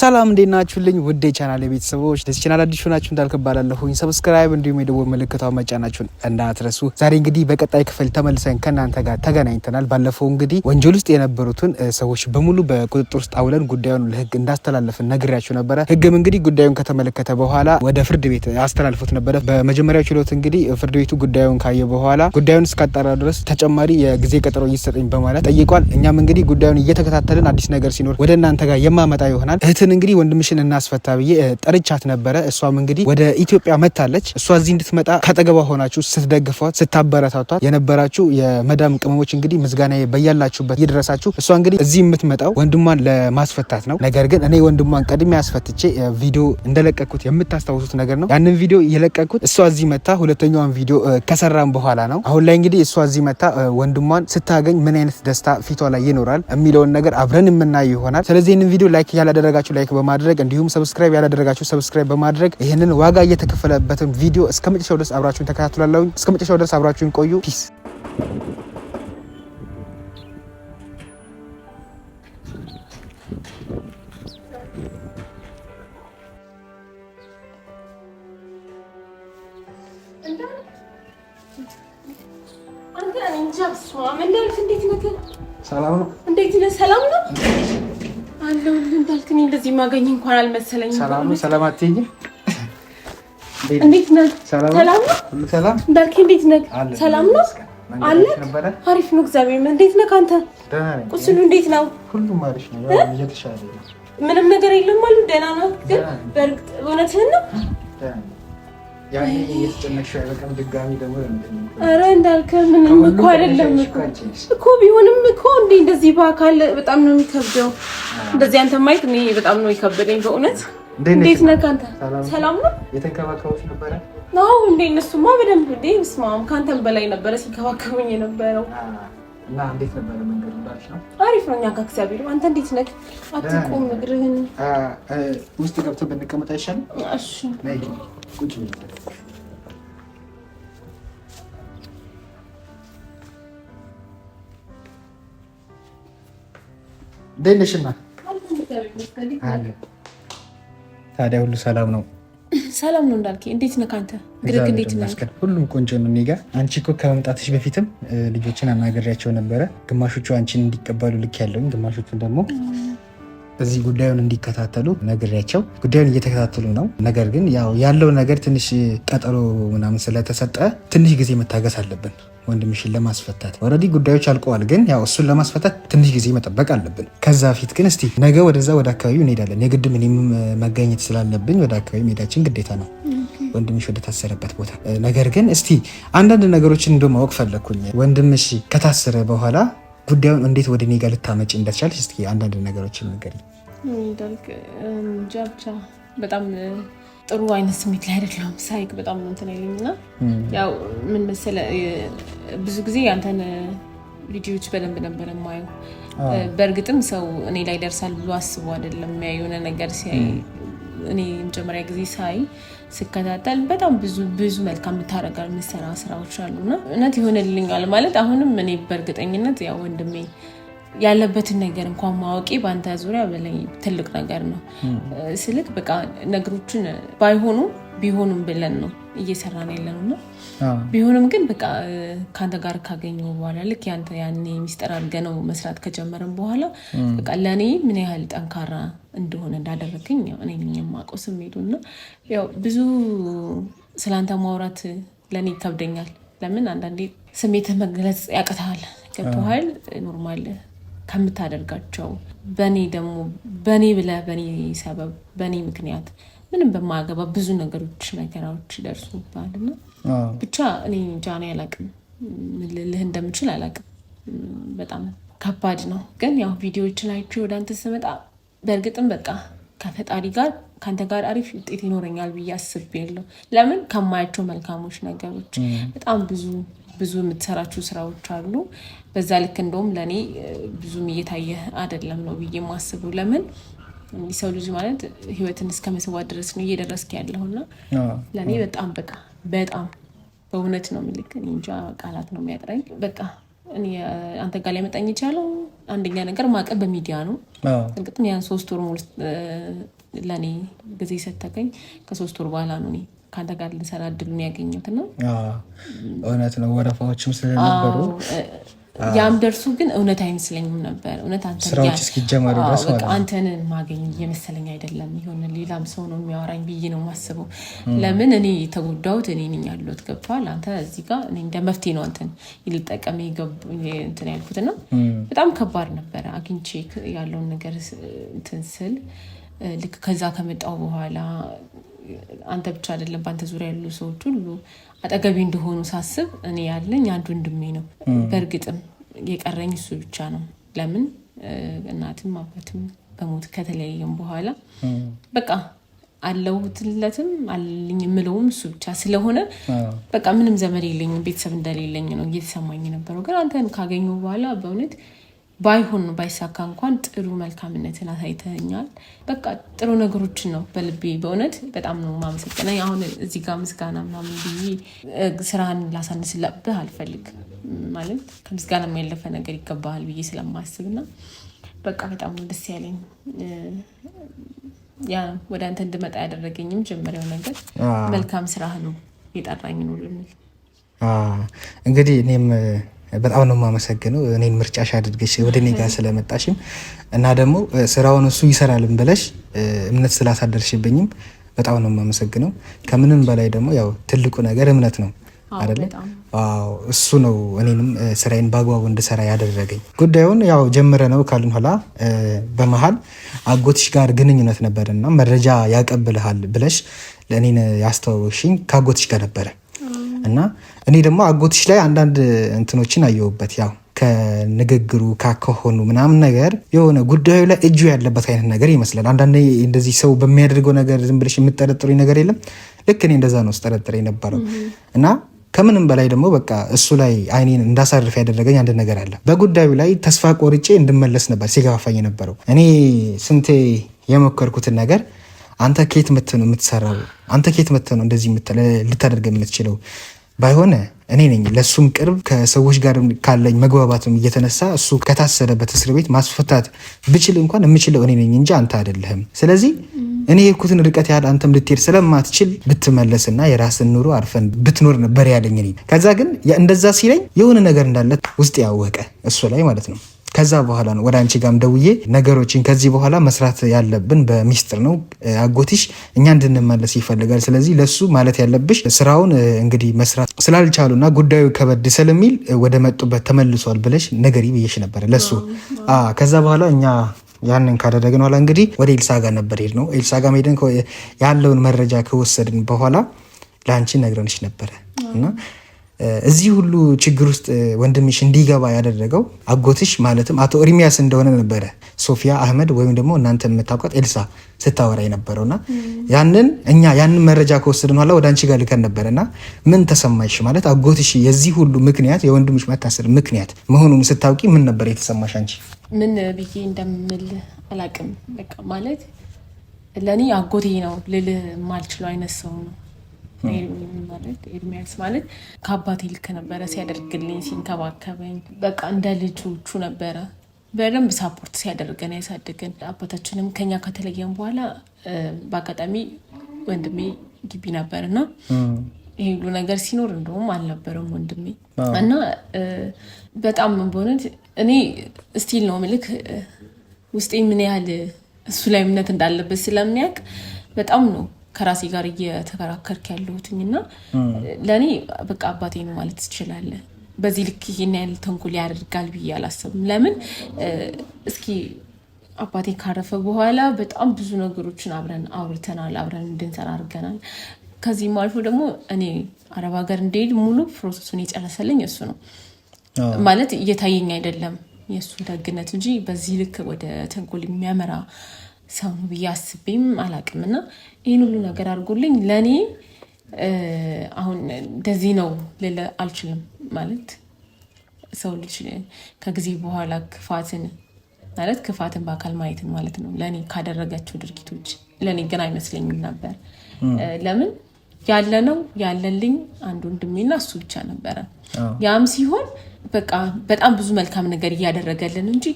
ሰላም እንዴት ናችሁልኝ? ውዴ ቻናል የቤተሰቦች ደስ ቻናል አዲሱ ናችሁ እንዳልከባላለሁኝ ሰብስክራይብ፣ እንዲሁም የደወል ምልክታው መጫናችሁን እንዳትረሱ። ዛሬ እንግዲህ በቀጣይ ክፍል ተመልሰን ከእናንተ ጋር ተገናኝተናል። ባለፈው እንግዲህ ወንጀል ውስጥ የነበሩትን ሰዎች በሙሉ በቁጥጥር ውስጥ አውለን ጉዳዩን ለህግ እንዳስተላለፍን ነግሬያችሁ ነበረ። ህግም እንግዲህ ጉዳዩን ከተመለከተ በኋላ ወደ ፍርድ ቤት አስተላልፎት ነበረ። በመጀመሪያው ችሎት እንግዲህ ፍርድ ቤቱ ጉዳዩን ካየ በኋላ ጉዳዩን እስካጣራ ድረስ ተጨማሪ የጊዜ ቀጠሮ እየሰጠኝ በማለት ጠይቋል። እኛም እንግዲህ ጉዳዩን እየተከታተልን አዲስ ነገር ሲኖር ወደ እናንተ ጋር የማመጣ ይሆናል። እህትን እንግዲህ ወንድምሽን እናስፈታ ብዬ ጠርቻት ነበረ። እሷም እንግዲህ ወደ ኢትዮጵያ መታለች። እሷ እዚህ እንድትመጣ ከጠገቧ ሆናችሁ ስትደግፏት፣ ስታበረታቷት የነበራችሁ የመዳም ቅመሞች እንግዲህ ምስጋና በያላችሁበት እየደረሳችሁ እሷ እንግዲህ እዚህ የምትመጣው ወንድሟን ለማስፈታት ነው። ነገር ግን እኔ ወንድሟን ቀድሜ አስፈትቼ ቪዲዮ እንደለቀኩት የምታስታውሱት ነገር ነው። ያንን ቪዲዮ የለቀኩት እሷ እዚህ መታ ሁለተኛዋን ቪዲዮ ከሰራም በኋላ ነው። አሁን ላይ እንግዲህ እሷ እዚህ መታ ወንድሟን ስታገኝ ምን አይነት ደስታ ፊቷ ላይ ይኖራል የሚለውን ነገር አብረን የምናየው ይሆናል። ስለዚህ ይህን ቪዲዮ ላይክ ያላደረጋችሁ ላይክ በማድረግ እንዲሁም ሰብስክራይብ ያላደረጋችሁ ሰብስክራይብ በማድረግ ይህንን ዋጋ እየተከፈለበትን ቪዲዮ እስከ መጨረሻው ድረስ አብራችሁን ተከታትላለሁ። እስከ መጨረሻው ድረስ አብራችሁን ቆዩ። ፒስ ማገኝ እንኳን አልመሰለኝ። ሰላም ሰላም አትይኝም? እንዴት ነህ? ሰላም ነው። ሰላም እንዳልከኝ እንዴት ነህ? ሰላም ነው አለ። አሪፍ ነው እግዚአብሔር ይመስገን። እንዴት ነህ አንተ? ቁስሉ እንዴት ነው? ሁሉም አሪፍ ነው፣ ያው እየተሻለ ምንም ነገር የለም አሉ። ደህና ነው ግን በእርግጥ እውነትህን ነው ያኔ እየተጨነቅሽ አይበቃም? ድጋሚ ደግሞ ኧረ እንዳልከ ምንም እኮ አይደለም እኮ ቢሆንም እኮ እንደ እንደዚህ በአካል በጣም ነው የሚከብደው። እንደዚህ አንተ ማየት እኔ በጣም ነው የከበደኝ በእውነት። እንዴት ነህ ሰላም ነው የተንከባከቡሽ ነበረ? ነው እንዴ? እነሱማ በደንብ እንዴ ስማም ከአንተም በላይ ነበረ ሲንከባከቡኝ የነበረው እና እንዴት ነበረ መንገድ? እንዳልሽ ነው አሪፍ ነው። እኛ ጋር እግዚአብሔር አንተ እንዴት ነህ? አትቆም እግርህን ውስጥ ገብቶ ብንቀመጥ አይሻልም? እሺ ቁጭ ነሽ? እና ታዲያ ሁሉ ሰላም ነው? ሰላም ነው እንዳልክ፣ እንዴት ነህ? ከአንተ ግርግ እንዴት ነህ? ሁሉም ቆንጆ ነው እኔ ጋ። አንቺ እኮ ከመምጣትሽ በፊትም ልጆችን አናገሪያቸው ነበረ። ግማሾቹ አንቺን እንዲቀበሉ ልክ ያለውን፣ ግማሾቹን ደግሞ እዚህ ጉዳዩን እንዲከታተሉ ነግሬያቸው ጉዳዩን እየተከታተሉ ነው። ነገር ግን ያው ያለው ነገር ትንሽ ቀጠሮ ምናምን ስለተሰጠ ትንሽ ጊዜ መታገስ አለብን ወንድምሽን ለማስፈታት ኦልሬዲ ጉዳዮች አልቀዋል። ግን ያው እሱን ለማስፈታት ትንሽ ጊዜ መጠበቅ አለብን። ከዛ ፊት ግን እስቲ ነገ ወደዛ ወደ አካባቢው እንሄዳለን። የግድ እኔም መገኘት ስላለብኝ ወደ አካባቢ መሄዳችን ግዴታ ነው፣ ወንድምሽ ወደ ታሰረበት ቦታ። ነገር ግን እስቲ አንዳንድ ነገሮችን እንደ ማወቅ ፈለግኩኝ። ወንድምሽ ከታሰረ በኋላ ጉዳዩን እንዴት ወደ እኔ ጋር ልታመጪ እንዳትቻለች እስኪ አንዳንድ ነገሮችን ንገሪኝ። ጃብቻ በጣም ጥሩ አይነት ስሜት ላይ አይደለም። ሳይክ በጣም እንትን አይለኝ እና ያው ምን መሰለህ ብዙ ጊዜ ያንተን ቪዲዮዎች በደንብ ነበር የማየው። በእርግጥም ሰው እኔ ላይ ደርሳል ብሎ አስቦ አይደለም የሆነ ነገር ሲያይ እኔ መጀመሪያ ጊዜ ሳይ ስከታተል በጣም ብዙ ብዙ መልካም የምታደርገው የምትሰራ ስራዎች አሉና እውነት ይሆንልኛል ማለት አሁንም እኔ በእርግጠኝነት ያው ወንድሜ ያለበትን ነገር እንኳን ማወቂ በአንተ ዙሪያ በላይ ትልቅ ነገር ነው ስልክ በቃ ነገሮችን ባይሆኑ ቢሆኑም ብለን ነው እየሰራ ነው ያለ ነው ቢሆንም ግን በቃ ከአንተ ጋር ካገኘሁ በኋላ ልክ ያኔ ሚስጥር አድርገህ ነው መስራት ከጀመርም በኋላ በቃ ለእኔ ምን ያህል ጠንካራ እንደሆነ እንዳደረገኝ እኔ የማውቀው ስሜቱ እና ያው ብዙ ስለአንተ ማውራት ለእኔ ይከብደኛል። ለምን አንዳንዴ ስሜት መግለጽ ያቅተሃል። ገብቶሃል? ኖርማል ከምታደርጋቸው በእኔ ደግሞ በእኔ ብለህ በእኔ ሰበብ በእኔ ምክንያት ምንም በማያገባ ብዙ ነገሮች መከራዎች ይደርሱባል። እና ብቻ እኔ እንጃ አላቅም ምን ልልህ እንደምችል አላቅም። በጣም ከባድ ነው። ግን ያው ቪዲዮዎችን አይቼ ወደ አንተ ስመጣ በእርግጥም በቃ ከፈጣሪ ጋር ከአንተ ጋር አሪፍ ውጤት ይኖረኛል ብዬ አስቤያለሁ። ለምን ከማያቸው መልካሞች ነገሮች በጣም ብዙ ብዙ የምትሰራቸው ስራዎች አሉ። በዛ ልክ እንደውም ለእኔ ብዙም እየታየ አይደለም ነው ብዬ የማስበው ለምን ሰው ልጅ ማለት ህይወትን እስከ መስዋዕት ድረስ ነው እየደረስክ ያለው እና ለእኔ በጣም በቃ በጣም በእውነት ነው ምልክ እንጃ ቃላት ነው የሚያጥረኝ። በቃ አንተ ጋር ሊያመጣኝ መጣኝ የቻለው አንደኛ ነገር ማቀብ በሚዲያ ነው። እርግጥም ያን ሶስት ወር ሙሉ ለእኔ ጊዜ ሰተገኝ ከሶስት ወር በኋላ ነው ከአንተ ጋር ልንሰራ እድሉን ያገኘሁት እና እውነት ነው ወረፋዎችም ስለነበሩ ያም ደርሱ ግን እውነት አይመስለኝም ነበር። እውነት ስራዎች እስኪጀመሩ አንተን ማገኝ እየመሰለኝ አይደለም። የሆነ ሌላም ሰው ነው የሚያወራኝ ብዬ ነው የማስበው። ለምን እኔ የተጎዳሁት እኔ ነኝ ያለሁት። ገብቶሃል? አንተ እዚህ ጋር እንደ መፍትሄ ነው አንተን ይልጠቀም እንትን ያልኩት ነው። በጣም ከባድ ነበረ። አግኝቼ ያለውን ነገር እንትን ስል ልክ ከዛ ከመጣው በኋላ አንተ ብቻ አይደለም በአንተ ዙሪያ ያሉ ሰዎች ሁሉ አጠገቢ እንደሆኑ ሳስብ እኔ ያለኝ አንድ ወንድሜ ነው። በእርግጥም የቀረኝ እሱ ብቻ ነው። ለምን እናትም አባትም በሞት ከተለያየም በኋላ በቃ አለሁትለትም አለኝ የምለውም እሱ ብቻ ስለሆነ በቃ ምንም ዘመድ የለኝም ቤተሰብ እንደሌለኝ ነው እየተሰማኝ ነበረው ግን አንተን ካገኘሁ በኋላ በእውነት ባይሆን ነው ባይሳካ እንኳን ጥሩ መልካምነትን አሳይተኛል። በቃ ጥሩ ነገሮችን ነው በልቤ በእውነት በጣም ነው ማመሰገነ። አሁን እዚህ ጋር ምስጋና ምናምን ብዬ ስራን ላሳንስልብህ አልፈልግ ማለት ከምስጋና የሚያለፈ ነገር ይገባሃል ብዬ ስለማስብና በቃ በጣም ነው ደስ ያለኝ። ያ ወደ አንተ እንድመጣ ያደረገኝም ጀመሪያው ነገር መልካም ስራህ ነው የጠራኝ ነው ልምል እንግዲህ እኔም በጣም ነው የማመሰግነው እኔን ምርጫሽ አድርገሽ ወደ እኔ ጋር ስለመጣሽም እና ደግሞ ስራውን እሱ ይሰራልን ብለሽ እምነት ስላሳደርሽብኝም በጣም ነው የማመሰግነው። ከምንም በላይ ደግሞ ያው ትልቁ ነገር እምነት ነው አይደለ? አዎ፣ እሱ ነው እኔንም ስራዬን በአግባቡ እንድሰራ ያደረገኝ። ጉዳዩን ያው ጀምረ ነው ካልን ኋላ በመሀል አጎትሽ ጋር ግንኙነት እና መረጃ ያቀብልሃል ብለሽ ለእኔን ያስተዋወቅሽኝ ከአጎትሽ ጋር ነበረ እና እኔ ደግሞ አጎትሽ ላይ አንዳንድ እንትኖችን አየሁበት ያው ከንግግሩ ካከሆኑ ምናምን ነገር የሆነ ጉዳዩ ላይ እጁ ያለበት አይነት ነገር ይመስላል። አንዳንድ እንደዚህ ሰው በሚያደርገው ነገር ዝም ብለሽ የምጠረጥሩኝ ነገር የለም። ልክ እኔ እንደዛ ነው ስጠረጥር የነበረው እና ከምንም በላይ ደግሞ በቃ እሱ ላይ አይኔን እንዳሳርፍ ያደረገኝ አንድ ነገር አለ። በጉዳዩ ላይ ተስፋ ቆርጬ እንድመለስ ነበር ሲገፋፋኝ የነበረው እኔ ስንቴ የሞከርኩትን ነገር አንተ ከየት መተህ ነው የምትሰራው? አንተ ከየት መተህ ነው እንደዚህ ልታደርግ የምትችለው? ባይሆነ እኔ ነኝ ለእሱም ቅርብ ከሰዎች ጋር ካለኝ መግባባትም እየተነሳ እሱ ከታሰረበት እስር ቤት ማስፈታት ብችል እንኳን የምችለው እኔ ነኝ እንጂ አንተ አይደለህም። ስለዚህ እኔ የኩትን ርቀት ያህል አንተም ልትሄድ ስለማትችል ብትመለስና የራስን ኑሮ አርፈን ብትኖር ነበር ያለኝ። ከዛ ግን እንደዛ ሲለኝ የሆነ ነገር እንዳለ ውስጥ ያወቀ እሱ ላይ ማለት ነው ከዛ በኋላ ነው ወደ አንቺ ጋም ደውዬ ነገሮችን ከዚህ በኋላ መስራት ያለብን በሚስጥር ነው። አጎትሽ እኛ እንድንመለስ ይፈልጋል። ስለዚህ ለሱ ማለት ያለብሽ ስራውን እንግዲህ መስራት ስላልቻሉና ጉዳዩ ከበድ ስለሚል ወደ መጡበት ተመልሷል ብለሽ ነገሪ ብዬሽ ነበረ ለሱ። ከዛ በኋላ እኛ ያንን ካደረግን በኋላ እንግዲህ ወደ ኤልሳ ጋር ነበር ሄድ ነው። ኤልሳ ጋር ሄደን ያለውን መረጃ ከወሰድን በኋላ ለአንቺ ነግረንሽ ነበረ እና እዚህ ሁሉ ችግር ውስጥ ወንድምሽ እንዲገባ ያደረገው አጎትሽ ማለትም አቶ እርሚያስ እንደሆነ ነበረ ሶፊያ አህመድ ወይም ደግሞ እናንተ የምታውቋት ኤልሳ ስታወራ የነበረውና ያንን እኛ ያንን መረጃ ከወሰድን ኋላ ወደ አንቺ ጋር ልከን ነበረና ምን ተሰማሽ? ማለት አጎትሽ የዚህ ሁሉ ምክንያት የወንድምሽ መታሰር ምክንያት መሆኑን ስታውቂ ምን ነበር የተሰማሽ አንቺ? ምን ብዬ እንደምል አላቅም። በቃ ማለት ለእኔ አጎቴ ነው ልል ማልችለው አይነት ሰው ነው ማድረግ ኤርሚያስ ማለት ከአባቴ ልክ ነበረ ሲያደርግልኝ፣ ሲንከባከበኝ በቃ እንደ ልጆቹ ነበረ። በደንብ ሳፖርት ሲያደርገን ያሳድገን። አባታችንም ከኛ ከተለየን በኋላ በአጋጣሚ ወንድሜ ግቢ ነበር እና ይሄ ሁሉ ነገር ሲኖር እንደውም አልነበረም ወንድሜ እና በጣም በእውነት እኔ ስቲል ነው ምልክ ውስጤ ምን ያህል እሱ ላይ እምነት እንዳለበት ስለሚያውቅ በጣም ነው ከራሴ ጋር እየተከራከርክ ያለሁትኝ እና ለእኔ በቃ አባቴ ነው ማለት ትችላለህ። በዚህ ልክ ይሄን ያህል ተንኮል ያደርጋል ብዬ አላሰብም። ለምን እስኪ አባቴ ካረፈ በኋላ በጣም ብዙ ነገሮችን አብረን አውርተናል፣ አብረን እንድንሰራ አድርገናል። ከዚህም አልፎ ደግሞ እኔ አረብ ሀገር እንደሄድ ሙሉ ፕሮሰሱን የጨረሰልኝ እሱ ነው ማለት እየታየኝ አይደለም የእሱ ደግነት እንጂ በዚህ ልክ ወደ ተንኮል የሚያመራ ሰው ነው ብዬ አስቤም አላቅም እና ይህን ሁሉ ነገር አድርጎልኝ ለእኔ አሁን እንደዚህ ነው ልል አልችልም። ማለት ሰው ልጅ ከጊዜ በኋላ ክፋትን ማለት ክፋትን በአካል ማየትን ማለት ነው ለእኔ ካደረጋቸው ድርጊቶች ለእኔ ግን አይመስለኝም ነበር። ለምን ያለ ነው ያለልኝ አንድ ወንድሜና እሱ ብቻ ነበረ። ያም ሲሆን በቃ በጣም ብዙ መልካም ነገር እያደረገልን እንጂ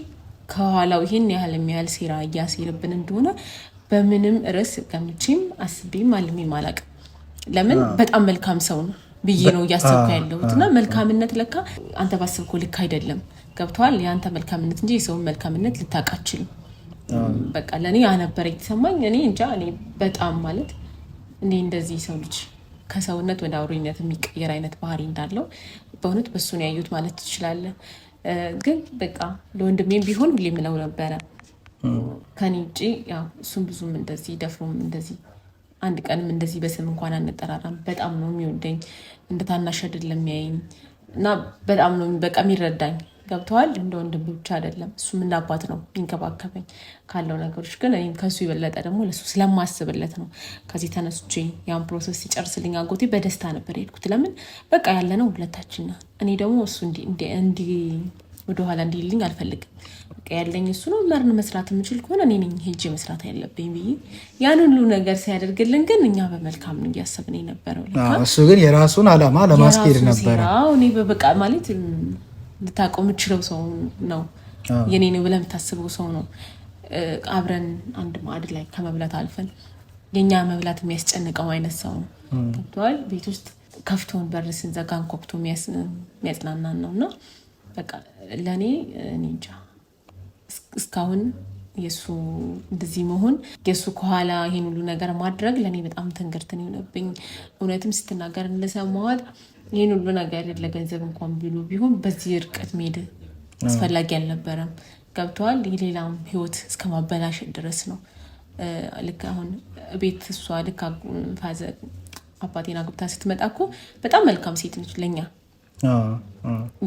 ከኋላው ይህን ያህል የሚያህል ሴራ እያሴርብን እንደሆነ በምንም ርዕስ ገምቼም አስቤም አልሜም አላቅም። ለምን በጣም መልካም ሰው ነው ብዬ ነው እያሰብኩ ያለሁት። እና መልካምነት ለካ አንተ ባሰብኮ ልክ አይደለም። ገብተዋል። የአንተ መልካምነት እንጂ የሰውን መልካምነት ልታውቅ አትችልም። በቃ ለእኔ ያ የተሰማኝ። እኔ እንጃ እኔ በጣም ማለት እኔ እንደዚህ ሰው ልጅ ከሰውነት ወደ አውሬነት የሚቀየር አይነት ባህሪ እንዳለው በእውነት በሱን ያዩት ማለት ትችላለን። ግን በቃ ለወንድሜም ቢሆን ሁሌ የምለው ነበረ ከኔ ውጭ እሱም ብዙም እንደዚህ ደፍሮም እንደዚህ አንድ ቀንም እንደዚህ በስም እንኳን አንጠራራም። በጣም ነው የሚወደኝ፣ እንደ ታናሽ አይደለም የሚያየኝ እና በጣም ነው በቃ የሚረዳኝ ገብተዋል። እንደ ወንድም ብቻ አይደለም እሱም እንደ አባት ነው ይንከባከበኝ ካለው ነገሮች ግን እኔም ከሱ የበለጠ ደግሞ ለሱ ስለማስብለት ነው። ከዚህ ተነስቼ ያን ፕሮሰስ ሲጨርስልኝ አጎቴ በደስታ ነበር የሄድኩት። ለምን በቃ ያለነው ሁለታችን ነው። እኔ ደግሞ እሱ እንዲ ወደኋላ እንዲልኝ አልፈልግም። በቃ ያለኝ እሱ ነው። መርን መስራት የምችል ከሆነ እኔ ነኝ ሄጄ መስራት ያለብኝ ብዬ ያን ሁሉ ነገር ሲያደርግልን ግን እኛ በመልካም ነው እያሰብን የነበረው። እሱ ግን የራሱን አላማ ለማስኬድ ነበረ እኔ በበቃ ማለት ልታውቀው የምችለው ሰው ነው። የኔ ነው ብለህ የምታስበው ሰው ነው። አብረን አንድ ማዕድ ላይ ከመብላት አልፈን የኛ መብላት የሚያስጨንቀው አይነት ሰው ነው። ገብተዋል። ቤት ውስጥ ከፍቶን በር ስንዘጋን ኮክቶ የሚያጽናናን ነው እና በቃ ለእኔ እንጃ እስካሁን የእሱ እንደዚህ መሆን የእሱ ከኋላ ይህን ሁሉ ነገር ማድረግ ለእኔ በጣም ትንግርትን ይሆነብኝ። እውነትም ስትናገር እንደሰማዋል ይህን ሁሉ ነገር ለገንዘብ እንኳን ቢሉ ቢሆን በዚህ እርቀት መሄድ አስፈላጊ አልነበረም። ገብተዋል። የሌላም ህይወት እስከ ማበላሸት ድረስ ነው። ልክ አሁን ቤት እሷ ልክ አባቴን አግብታ ስትመጣ እኮ በጣም መልካም ሴት ነች ለኛ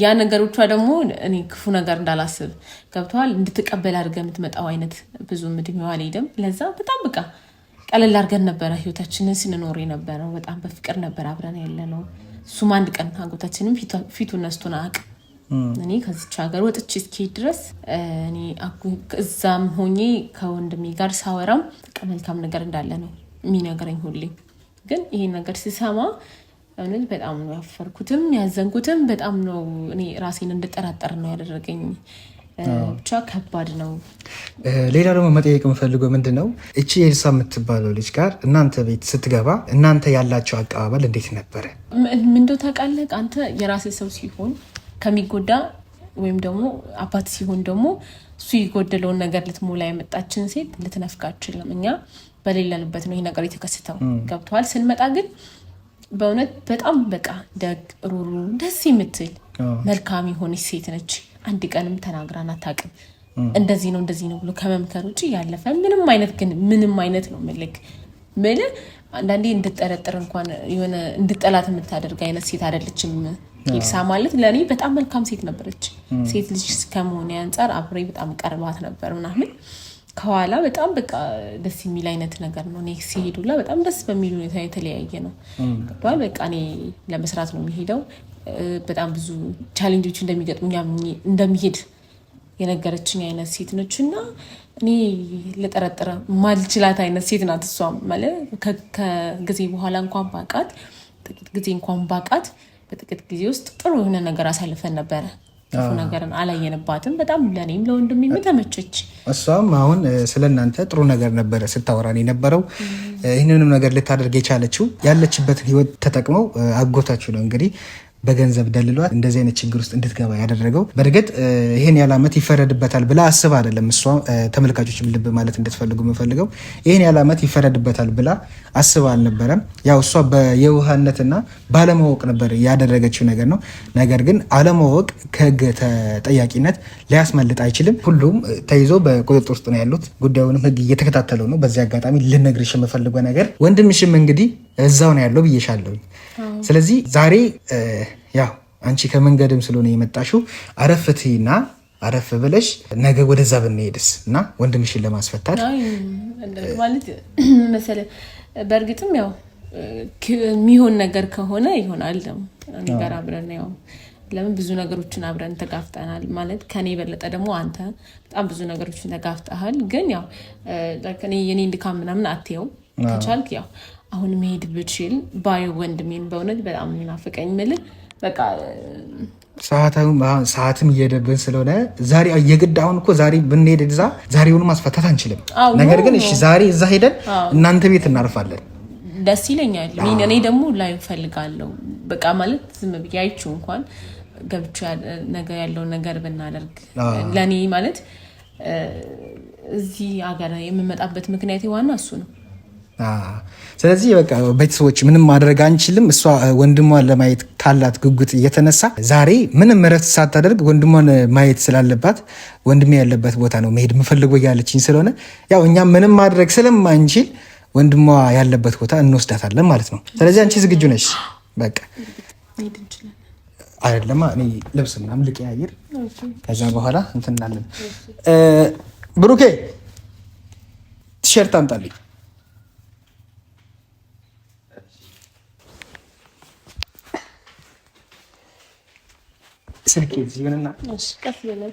ያ ነገሮቿ ደግሞ እኔ ክፉ ነገር እንዳላስብ ገብተዋል። እንድትቀበል አድርገ የምትመጣው አይነት ብዙም እድሜዋ አልሄድም። ለዛ በጣም በቃ ቀለል አድርገን ነበረ ህይወታችንን ስንኖር የነበረው በጣም በፍቅር ነበር አብረን ያለ ነው። እሱም አንድ ቀን አጎታችንም ፊቱ ነስቶን አቅ እኔ ከዚች ሀገር ወጥቼ እስኪሄድ ድረስ እዛም ሆኜ ከወንድሜ ጋር ሳወራም በቃ መልካም ነገር እንዳለ ነው የሚነገረኝ ሁሌ። ግን ይሄን ነገር ስሰማ እውነት በጣም ነው ያፈርኩትም ያዘንኩትም። በጣም ነው እኔ ራሴን እንድጠራጠር ነው ያደረገኝ። ብቻ ከባድ ነው። ሌላ ደግሞ መጠየቅ የምፈልገው ምንድን ነው እቺ ኤልሳ የምትባለው ልጅ ጋር እናንተ ቤት ስትገባ እናንተ ያላቸው አቀባበል እንዴት ነበረ? ምንዶ ታውቃለህ፣ አንተ የራሴ ሰው ሲሆን ከሚጎዳ ወይም ደግሞ አባት ሲሆን ደግሞ እሱ የጎደለውን ነገር ልትሞላ የመጣችን ሴት ልትነፍቅ አችልም። እኛ በሌለንበት ነው ይህ ነገር የተከሰተው። ገብተዋል። ስንመጣ ግን በእውነት በጣም በቃ ደግ፣ ሩሩ፣ ደስ የምትል መልካም የሆነች ሴት ነች። አንድ ቀንም ተናግራን አታውቅም። እንደዚህ ነው እንደዚህ ነው ብሎ ከመምከር ውጭ ያለፈ ምንም አይነት ግን ምንም አይነት ነው ምልክ ምል አንዳንዴ እንድጠረጥር እንኳን የሆነ እንድጠላት የምታደርግ አይነት ሴት አይደለችም። ኤልሳ ማለት ለእኔ በጣም መልካም ሴት ነበረች። ሴት ልጅ ከመሆን አንጻር አብሬ በጣም ቀርባት ነበር ምናምን ከኋላ በጣም በቃ ደስ የሚል አይነት ነገር ነው። እኔ ሲሄዱላ በጣም ደስ በሚል ሁኔታ የተለያየ ነው። በቃ እኔ ለመስራት ነው የሚሄደው በጣም ብዙ ቻሌንጆች እንደሚገጥሙ እንደሚሄድ የነገረችኝ አይነት ሴት ነች እና እኔ ልጠረጥረ ማልችላት አይነት ሴት ናት። እሷም ማለት ከጊዜ በኋላ እንኳን ባቃት ጥቂት ጊዜ እንኳን ባቃት በጥቂት ጊዜ ውስጥ ጥሩ የሆነ ነገር አሳልፈን ነበረ። ክፉ ነገርን አላየንባትም። በጣም ለእኔም ለወንድም የምተመቸች እሷም አሁን ስለ እናንተ ጥሩ ነገር ነበረ ስታወራን የነበረው። ይህንንም ነገር ልታደርግ የቻለችው ያለችበትን ህይወት ተጠቅመው አጎታችሁ ነው እንግዲህ በገንዘብ ደልሏት እንደዚህ አይነት ችግር ውስጥ እንድትገባ ያደረገው። በእርግጥ ይህን ያህል ዓመት ይፈረድበታል ብላ አስብ አይደለም እሷ። ተመልካቾችም ልብ ማለት እንድትፈልጉ የምፈልገው ይህን ያህል ዓመት ይፈረድበታል ብላ አስብ አልነበረም። ያው እሷ በየውሃነትና ባለማወቅ ነበር ያደረገችው ነገር ነው። ነገር ግን አለማወቅ ከህግ ተጠያቂነት ሊያስመልጥ አይችልም። ሁሉም ተይዞ በቁጥጥር ውስጥ ነው ያሉት። ጉዳዩንም ህግ እየተከታተለው ነው። በዚህ አጋጣሚ ልነግርሽ የምፈልገው ነገር ወንድምሽም እንግዲህ እዛው ነው ያለው ብዬሻለሁኝ። ስለዚህ ዛሬ ያው አንቺ ከመንገድም ስለሆነ የመጣሽው አረፍትና አረፍ ብለሽ ነገ ወደዛ ብንሄድስ እና ወንድምሽን ለማስፈታት ማለት በእርግጥም ያው የሚሆን ነገር ከሆነ ይሆናል። ደግሞ ነገር አብረን ያው ለምን ብዙ ነገሮችን አብረን ተጋፍጠናል። ማለት ከኔ የበለጠ ደግሞ አንተ በጣም ብዙ ነገሮችን ተጋፍጠሃል። ግን ያው እኔ ድካም ምናምን አትየው ከቻልክ ያው አሁን መሄድ ብችል ባዩ ወንድሜን በእውነት በጣም የሚናፍቀኝ ምልህ በቃ ሰዓትም እየሄደብን ስለሆነ ዛሬ የግድ አሁን እኮ ዛሬ ብንሄድ እዛ ዛሬውን ማስፈታት አንችልም። ነገር ግን እሺ ዛሬ እዛ ሄደን እናንተ ቤት እናርፋለን። ደስ ይለኛል። እኔ ደግሞ ላይ ፈልጋለሁ በቃ ማለት ዝም ብዬ አይቼው እንኳን ገብቼ ነገር ያለው ነገር ብናደርግ ለእኔ ማለት እዚህ ሀገር የምመጣበት ምክንያት ዋና እሱ ነው። ስለዚህ በቃ ቤተሰቦች ምንም ማድረግ አንችልም። እሷ ወንድሟን ለማየት ካላት ጉጉት እየተነሳ ዛሬ ምንም እረፍት ሳታደርግ ወንድሟን ማየት ስላለባት ወንድሜ ያለበት ቦታ ነው መሄድ የምፈልገው እያለችኝ ስለሆነ ያው እኛም ምንም ማድረግ ስለማንችል ወንድሟ ያለበት ቦታ እንወስዳታለን ማለት ነው። ስለዚህ አንቺ ዝግጁ ነሽ? በቃ አይደለማ እኔ ልብስ ምናምን ልቀያይር፣ ከዛ በኋላ እንትናለን። ብሩኬ ቲሸርት አምጣልኝ ስልኬ እዚህ ይሁንና